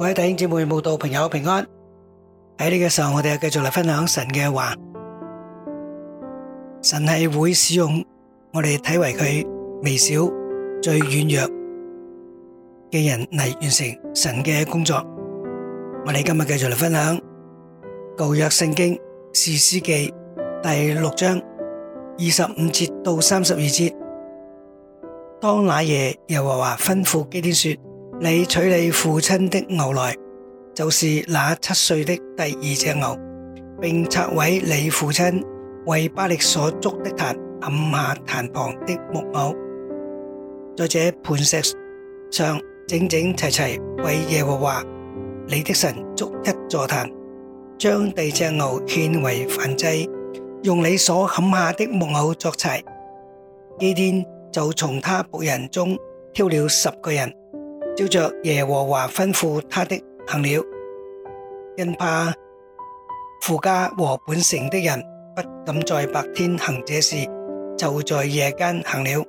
各位弟兄姊妹、慕道朋友平安。喺呢個時候，我哋繼續嚟分享神嘅話。神係會使用我哋睇為佢微小、最軟弱嘅人嚟完成神嘅工作。我哋今日繼續嚟分享舊約聖經士師記第六章二十五節到三十二節。當那夜，耶和華吩咐基甸說。你取你父親的牛來，就是那七歲的第二隻牛，並拆毀你父親為巴力所築的壇，砍下壇旁的木偶，在這磐石上整整齊齊為耶和華你的神築一座壇，將第二隻牛獻為燔祭，用你所砍下的木偶作柴。基甸就從他僕人中挑了十個人。照着耶和華吩咐他的行了，因怕父家和本城的人不敢在白天行這事，就在夜間行了。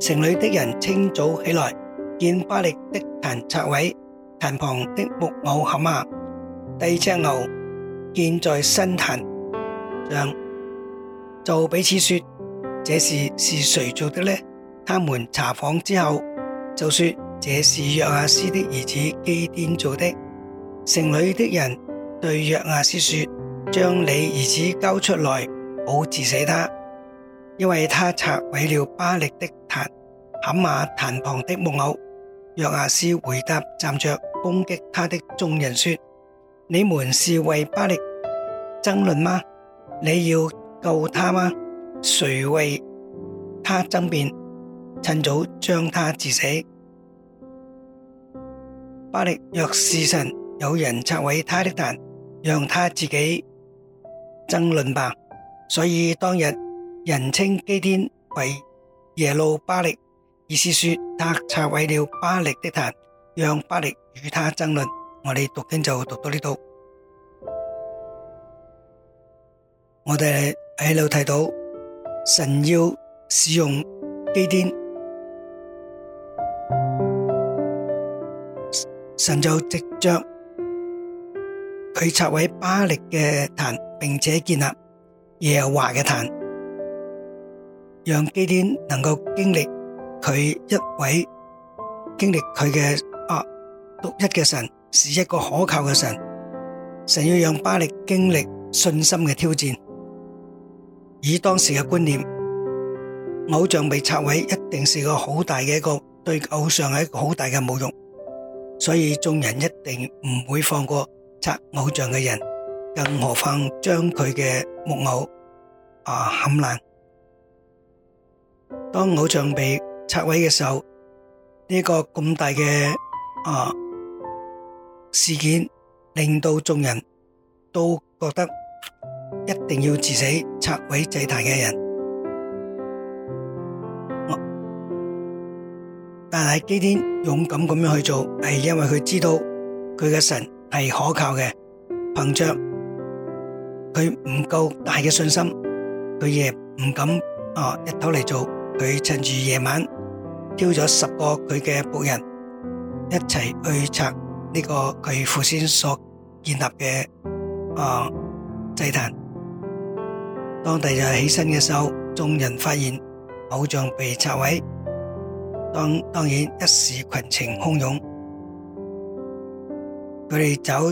城裏的人清早起來，見巴力的壇拆毀，壇旁的木偶砍下，第二隻牛獻在新壇上，就彼此說：這事是誰做的呢？他們查訪之後。就說這是約阿斯的兒子基甸做的。城裡的人對約阿斯說：將你兒子交出來，好治死他，因為他拆毀了巴力的壇，砍馬壇旁的木偶。約阿斯回答站着攻擊他的眾人說：你們是為巴力爭論嗎？你要救他嗎？誰為他爭辯？趁早將他治死。巴力若是神，有人拆毀他的壇，讓他自己爭論吧。所以當日人稱基甸為耶路巴力，意思說他拆毀了巴力的壇，讓巴力與他爭論。我哋讀經就讀到呢度。我哋喺度睇到神要使用基甸。神就藉着佢拆毀巴力嘅壇，並且建立耶和華嘅壇，讓基甸能夠經歷佢一位經歷佢嘅啊獨一嘅神，是一個可靠嘅神。神要讓巴力經歷信心嘅挑戰。以當時嘅觀念，偶像被拆毀一定是個好大嘅一個對偶像係一個好大嘅侮辱。所以眾人一定唔會放過拆偶像嘅人，更何況將佢嘅木偶啊砍爛。當偶像被拆毀嘅時候，呢個咁大嘅啊事件，令到眾人都覺得一定要治死拆毀祭壇嘅人。但係基甸勇敢咁樣去做，係因為佢知道佢嘅神係可靠嘅，憑着佢唔夠大嘅信心，佢亦唔敢啊，日頭嚟做。佢趁住夜晚挑咗十個佢嘅僕人一齊去拆呢個佢父先所建立嘅啊祭壇。當地就起身嘅時候，眾人發現偶像被拆毀。當當然一時群情洶湧，佢哋找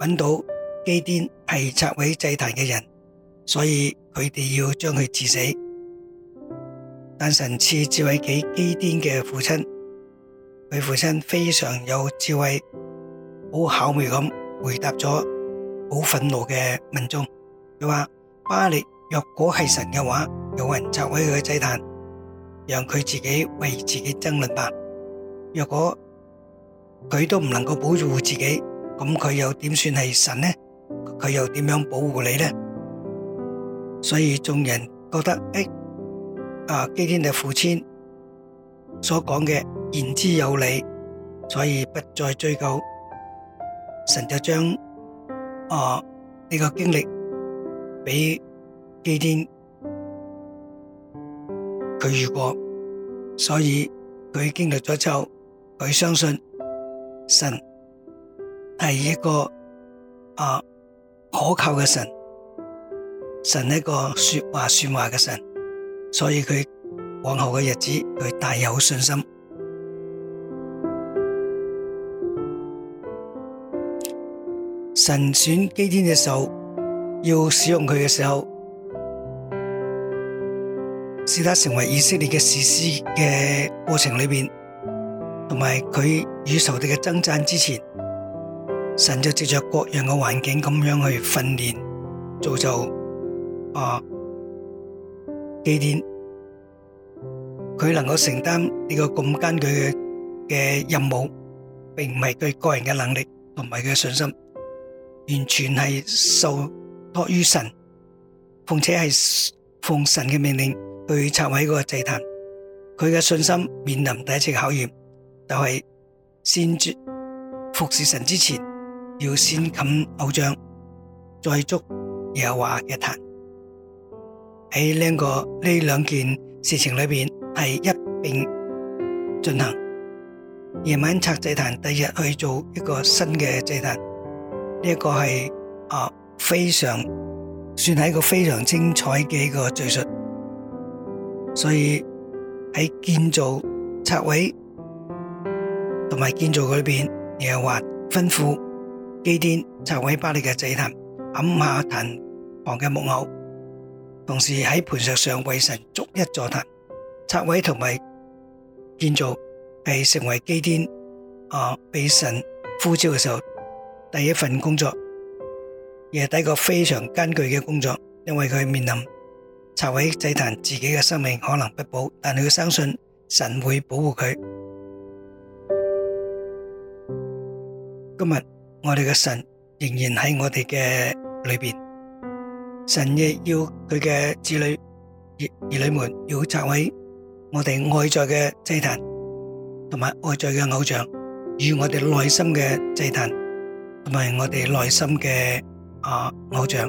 揾到基甸係拆毀祭壇嘅人，所以佢哋要將佢治死。但神賜智慧給基甸嘅父親，佢父親非常有智慧，好巧妙咁回答咗好憤怒嘅民眾。佢話：巴力若果係神嘅話，有人拆毀佢嘅祭壇。讓佢自己為自己爭論吧。若果佢都唔能夠保護自己，咁佢又點算係神呢？佢又點樣保護你呢？所以眾人覺得，誒，啊，基甸嘅父親所講嘅言之有理，所以不再追究。神就將啊呢個經歷俾基甸。佢遇過，所以佢經歷咗之後，佢相信神係一個啊可靠嘅神，神係一個說話算話嘅神，所以佢往後嘅日子，佢大有信心。神選基天嘅時候，要使用佢嘅時候。使他成為以色列嘅士師嘅過程裏邊，同埋佢與仇敵嘅爭戰之前，神就藉着各樣嘅環境咁樣去訓練造就啊基甸，佢能夠承擔呢個咁艱巨嘅嘅任務，並唔係佢個人嘅能力同埋佢嘅信心，完全係受託於神，況且係奉神嘅命令。去拆毀嗰個祭壇，佢嘅信心面臨第一次考驗，就係、是、先捉服侍神之前，要先冚偶像，再捉耶和華嘅壇。喺呢、這個呢兩件事情裏邊，係一併進行。夜晚拆祭壇，第二日去做一個新嘅祭壇，呢、這、一個係啊非常算係一個非常精彩嘅一個敘述。所以喺建造拆毀同埋建造嗰邊，你又話吩咐基甸拆毀巴利嘅祭壇，揞下壇旁嘅木偶，同時喺磐石上為神築一座壇。拆毀同埋建造係成為基甸啊，俾神呼召嘅時候第一份工作，亦係第一個非常艱巨嘅工作，因為佢面臨。拆毀祭壇，自己嘅生命可能不保，但佢相信神會保護佢。今日我哋嘅神仍然喺我哋嘅裏邊，神亦要佢嘅子女、兒女們要拆毀我哋外在嘅祭壇同埋外在嘅偶像，與我哋內心嘅祭壇同埋我哋內心嘅啊偶像。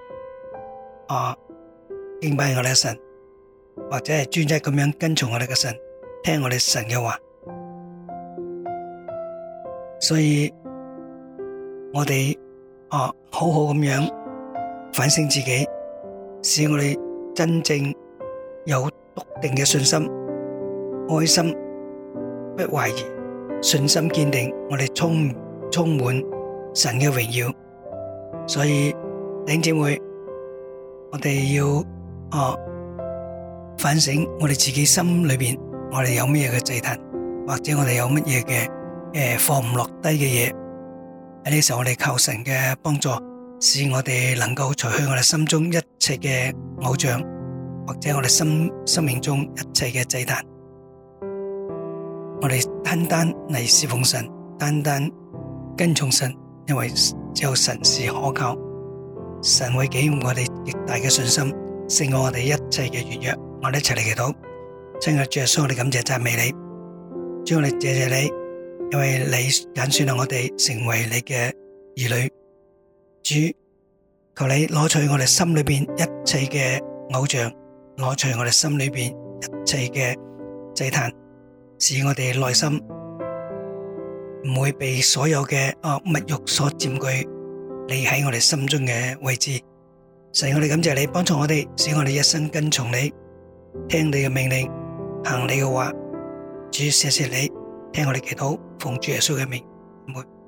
啊，敬拜我哋嘅神，或者係專一咁樣跟從我哋嘅神，聽我哋神嘅話。所以，我哋啊，好好咁樣反省自己，使我哋真正有篤定嘅信心、愛心，不懷疑、信心堅定，我哋充充滿神嘅榮耀。所以，弟兄姊妹。我哋要哦反省我哋自己心裏邊，我哋有咩嘅祭壇，或者我哋有乜嘢嘅誒放唔落低嘅嘢。喺呢時候，我哋求神嘅幫助，使我哋能夠除去我哋心中一切嘅偶像，或者我哋心生，生命中一切嘅祭壇。我哋單單嚟侍奉神，單單跟從神，因為只有神是可靠，神會記念。我哋極大嘅信心勝過我哋一切嘅軟弱，我哋一齊嚟祈禱。親愛主耶穌，你感謝讚美你，主，我哋謝謝你，因為你引選我哋成為你嘅兒女。主，求你攞取我哋心裏邊一切嘅偶像，攞取我哋心裏邊一切嘅祭壇，使我哋內心唔會被所有嘅啊物欲所佔據。你喺我哋心中嘅位置。神，我哋感謝你幫助我哋，使我哋一生跟從你，聽你嘅命令，行你嘅話。主謝謝你，聽我哋祈禱，奉主耶穌嘅命。拜拜。